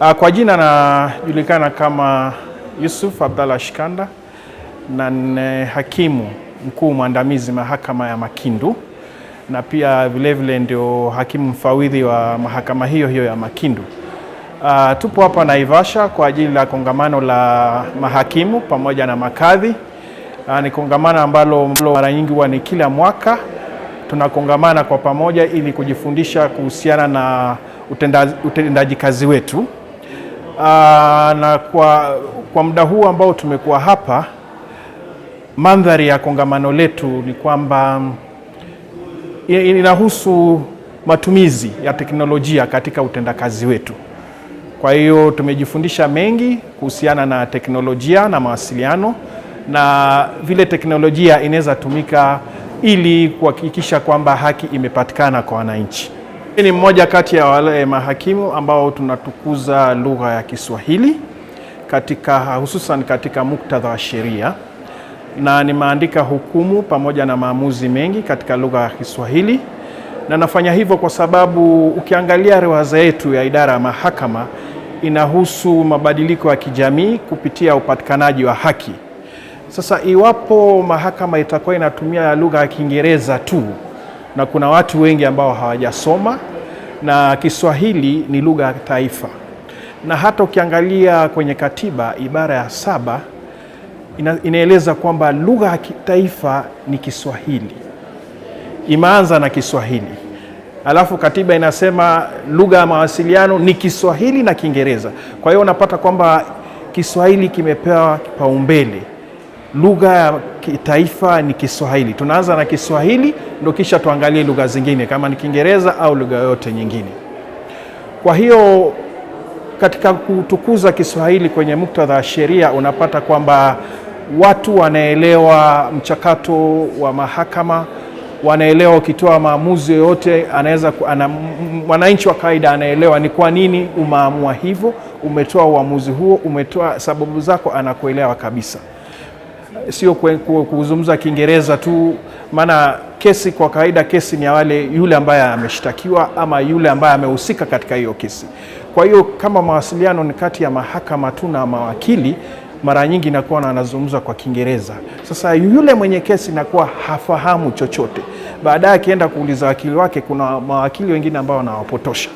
Ah, kwa jina najulikana kama Yusuf Abdallah Shikanda na ni hakimu mkuu mwandamizi mahakama ya Makindu na pia vilevile ndio hakimu mfawidhi wa mahakama hiyo hiyo ya Makindu. Uh, tupo hapa Naivasha kwa ajili ya kongamano la mahakimu pamoja na makadhi. Uh, ni kongamano ambalo mara nyingi huwa ni kila mwaka tunakongamana kwa pamoja ili kujifundisha kuhusiana na utendaji kazi wetu. Aa, ah, na kwa, kwa muda huu ambao tumekuwa hapa, mandhari ya kongamano letu ni kwamba inahusu matumizi ya teknolojia katika utendakazi wetu. Kwa hiyo tumejifundisha mengi kuhusiana na teknolojia na mawasiliano na vile teknolojia inaweza tumika ili kuhakikisha kwamba haki imepatikana kwa wananchi. Ni mmoja kati ya wale mahakimu ambao tunatukuza lugha ya Kiswahili katika hususan katika muktadha wa sheria, na nimeandika hukumu pamoja na maamuzi mengi katika lugha ya Kiswahili, na nafanya hivyo kwa sababu ukiangalia riwaza yetu ya idara ya mahakama inahusu mabadiliko ya kijamii kupitia upatikanaji wa haki. Sasa iwapo mahakama itakuwa inatumia lugha ya Kiingereza tu na kuna watu wengi ambao hawajasoma, na Kiswahili ni lugha ya taifa, na hata ukiangalia kwenye katiba ibara ya saba ina, inaeleza kwamba lugha ya taifa ni Kiswahili. Imeanza na Kiswahili, alafu katiba inasema lugha ya mawasiliano ni Kiswahili na Kiingereza. Kwa hiyo unapata kwamba Kiswahili kimepewa kipaumbele lugha ya kitaifa ni Kiswahili. Tunaanza na Kiswahili ndio kisha tuangalie lugha zingine kama ni Kiingereza au lugha yoyote nyingine. Kwa hiyo katika kutukuza Kiswahili kwenye muktadha wa sheria, unapata kwamba watu wanaelewa mchakato wa mahakama, wanaelewa ukitoa maamuzi yoyote, anaweza mwananchi wa kawaida anaelewa ni kwa nini umeamua hivyo, umetoa uamuzi huo, umetoa sababu zako, anakuelewa kabisa sio kuzungumza Kiingereza tu, maana kesi kwa kawaida kesi ni ya wale yule ambaye ameshtakiwa ama yule ambaye amehusika katika hiyo kesi. Kwa hiyo kama mawasiliano ni kati ya mahakama tu na mawakili, mara nyingi inakuwa na anazungumza kwa Kiingereza. Sasa yule mwenye kesi inakuwa hafahamu chochote, baadaye akienda kuuliza wakili wake, kuna mawakili wengine ambao wanawapotosha.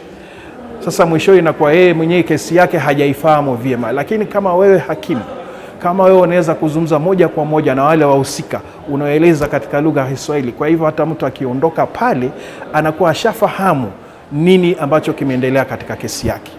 Sasa mwisho inakuwa yeye eh, mwenyewe kesi yake hajaifahamu vyema, lakini kama wewe hakimu kama wewe unaweza kuzungumza moja kwa moja na wale wahusika, unaoeleza katika lugha ya Kiswahili. Kwa hivyo hata mtu akiondoka pale anakuwa ashafahamu nini ambacho kimeendelea katika kesi yake.